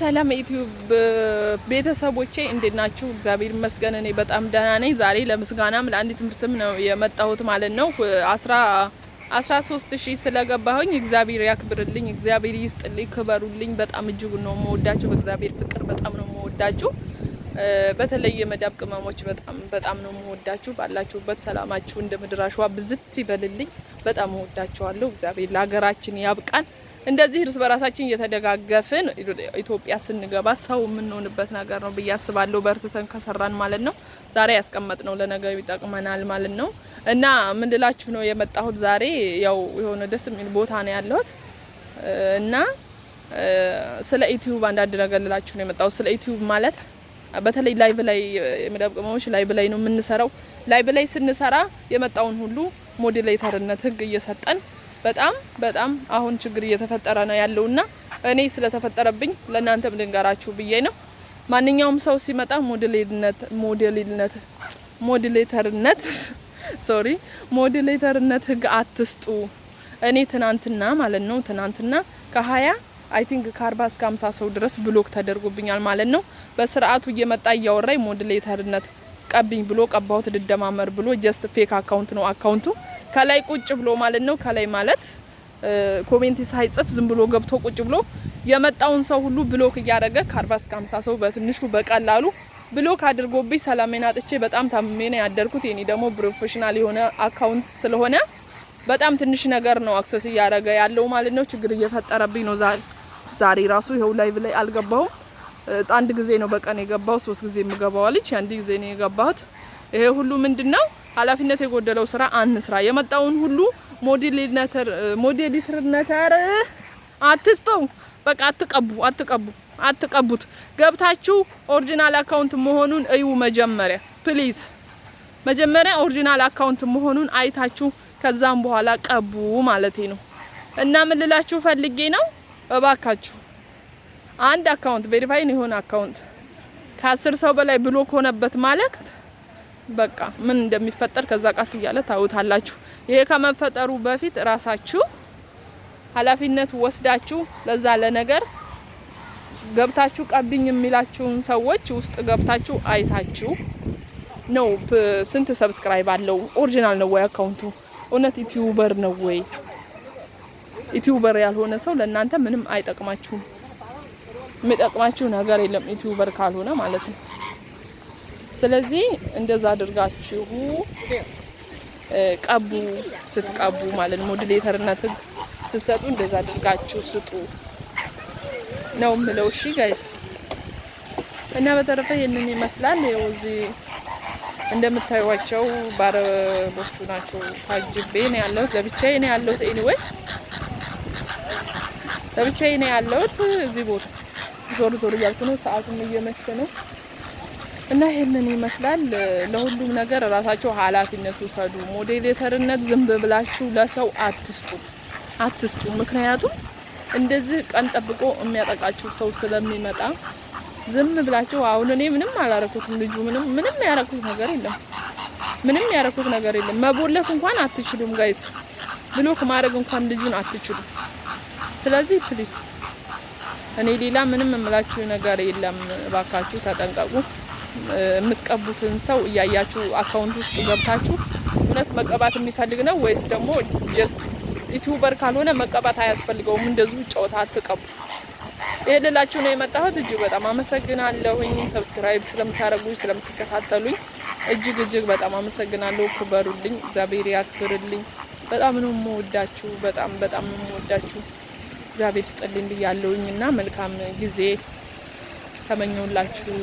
ሰላም ዩቲዩብ ቤተሰቦቼ እንዴት ናችሁ? እግዚአብሔር ይመስገን እኔ በጣም ደህና ነኝ። ዛሬ ለምስጋናም ለአንድ ትምህርትም ነው የመጣሁት ማለት ነው። አስራ ሶስት ሺህ ስለገባሁኝ እግዚአብሔር ያክብርልኝ፣ እግዚአብሔር ይስጥልኝ፣ ክበሩልኝ። በጣም እጅጉ ነው መወዳችሁ። በእግዚአብሔር ፍቅር በጣም ነው መወዳችሁ። በተለይ የመዳብ ቅመሞች በጣም በጣም ነው መወዳችሁ። ባላችሁበት ሰላማችሁ እንደ ምድር አሸዋ ብዝት ይበልልኝ። በጣም እወዳችኋለሁ። እግዚአብሔር ለሀገራችን ያብቃን። እንደዚህ እርስ በራሳችን እየተደጋገፍን ኢትዮጵያ ስንገባ ሰው የምንሆንበት ነገር ነው ብዬ አስባለሁ። በርትተን ከሰራን ማለት ነው። ዛሬ ያስቀመጥ ነው ለነገር ይጠቅመናል ማለት ነው። እና ምን ልላችሁ ነው የመጣሁት ዛሬ ያው የሆነ ደስ የሚል ቦታ ነው ያለሁት እና ስለ ዩቲዩብ አንዳንድ ነገር ልላችሁ ነው የመጣሁት። ስለ ዩቲዩብ ማለት በተለይ ላይቭ ላይ የመዳብ ላይቭ ላይ ነው የምንሰራው። ላይቭ ላይ ስንሰራ የመጣውን ሁሉ ሞዴሬተርነት ህግ እየሰጠን በጣም በጣም አሁን ችግር እየተፈጠረ ነው ያለውና እኔ ስለተፈጠረብኝ ለእናንተም ልንገራችሁ ብዬ ነው። ማንኛውም ሰው ሲመጣ ሞዴሌነት ሞዴሌነት ሞዴሌተርነት ሶሪ ሞዴሌተርነት ህግ አትስጡ። እኔ ትናንትና ማለት ነው ትናንትና ከሀያ አይ ቲንክ ከአርባ እስከ ሀምሳ ሰው ድረስ ብሎክ ተደርጎብኛል ማለት ነው። በስርዓቱ እየመጣ እያወራኝ ሞዴሌተርነት ቀብኝ ብሎ ቀባሁት ድደማመር ብሎ ጀስት ፌክ አካውንት ነው አካውንቱ ከላይ ቁጭ ብሎ ማለት ነው። ከላይ ማለት ኮሜንት ሳይጽፍ ዝም ብሎ ገብቶ ቁጭ ብሎ የመጣውን ሰው ሁሉ ብሎክ እያደረገ ከአርባ እስከ 50 ሰው በትንሹ በቀላሉ ብሎክ አድርጎብኝ ሰላሜን አጥቼ በጣም ታምሜ ነው ያደርኩት። የኔ ደግሞ ፕሮፌሽናል የሆነ አካውንት ስለሆነ በጣም ትንሽ ነገር ነው አክሰስ እያደረገ ያለው ማለት ነው። ችግር እየፈጠረብኝ ነው። ዛሬ ራሱ ይኸው ላይቭ ላይ አልገባሁም። አንድ ጊዜ ነው በቀን የገባሁት። ሶስት ጊዜ የምገባዋ አንድ ጊዜ ነው የገባሁት። ይሄ ሁሉ ምንድን ነው ኃላፊነት የጎደለው ስራ አንስራ። የመጣውን ሁሉ ሞዴሊትርነተር አትስጠው። በቃ አትቀቡ አትቀቡ አትቀቡት። ገብታችሁ ኦሪጂናል አካውንት መሆኑን እዩ። መጀመሪያ ፕሊዝ፣ መጀመሪያ ኦሪጂናል አካውንት መሆኑን አይታችሁ ከዛም በኋላ ቀቡ ማለት ነው። እና ምን ልላችሁ ፈልጌ ነው፣ እባካችሁ አንድ አካውንት ቬሪፋይን የሆነ አካውንት ከአስር ሰው በላይ ብሎክ ሆነበት ማለት በቃ ምን እንደሚፈጠር ከዛ ቃስ እያለ ታውታላችሁ። ይሄ ከመፈጠሩ በፊት ራሳችሁ ኃላፊነት ወስዳችሁ ለዛ ለነገር ገብታችሁ ቀብኝ የሚላችሁን ሰዎች ውስጥ ገብታችሁ አይታችሁ ነው። ስንት ሰብስክራይብ አለው? ኦሪጂናል ነው ወይ አካውንቱ? እውነት ዩቲዩበር ነው ወይ? ዩቲዩበር ያልሆነ ሰው ለእናንተ ምንም አይጠቅማችሁም። የሚጠቅማችሁ ነገር የለም ዩቲዩበር ካልሆነ ማለት ነው። ስለዚህ እንደዛ አድርጋችሁ ቀቡ። ስትቀቡ ማለት ሞዲሌተርነትን ስትሰጡ እንደዛ አድርጋችሁ ስጡ ነው ምለው። እሺ ጋይስ እና በተረፈ ይህንን ይመስላል። ይኸው እዚህ እንደምታዩዋቸው ባረቦቹ ናቸው። ታጅቤ ነው ያለሁት፣ ለብቻዬ ነው ያለሁት። ኤኒዌይ ለብቻዬ ነው ያለሁት። እዚህ ቦታ ዞር ዞር እያልኩ ነው፣ ሰዓቱም እየመሸ ነው። እና ይህንን ይመስላል። ለሁሉም ነገር ራሳቸው ኃላፊነት ውሰዱ። ሞዴሬተርነት ዝም ብላችሁ ለሰው አትስጡ አትስጡ። ምክንያቱም እንደዚህ ቀን ጠብቆ የሚያጠቃችሁ ሰው ስለሚመጣ ዝም ብላችሁ አሁን እኔ ምንም አላረኩትም። ልጁ ምንም ምንም ያረኩት ነገር የለም። ምንም ያረኩት ነገር የለም። መቦለት እንኳን አትችሉም ጋይስ። ብሎክ ማድረግ እንኳን ልጁን አትችሉም። ስለዚህ ፕሊስ እኔ ሌላ ምንም እምላችሁ ነገር የለም። እባካችሁ ተጠንቀቁ። የምትቀቡትን ሰው እያያችሁ አካውንት ውስጥ ገብታችሁ እውነት መቀባት የሚፈልግ ነው ወይስ ደግሞ ዩቲዩበር ካልሆነ መቀባት አያስፈልገውም፣ እንደዚሁ ጨዋታ አትቀቡ። ይህ ልላችሁ ነው የመጣሁት። እጅግ በጣም አመሰግናለሁኝ። ሰብስክራይብ ስለምታደርጉኝ ስለምትከታተሉኝ እጅግ እጅግ በጣም አመሰግናለሁ። ክበሩልኝ፣ እግዚአብሔር ያክብርልኝ። በጣም ነው የምወዳችሁ፣ በጣም በጣም ነው የምወዳችሁ። እግዚአብሔር ስጥልኝ ብያለሁኝ እና መልካም ጊዜ ተመኘውላችሁ።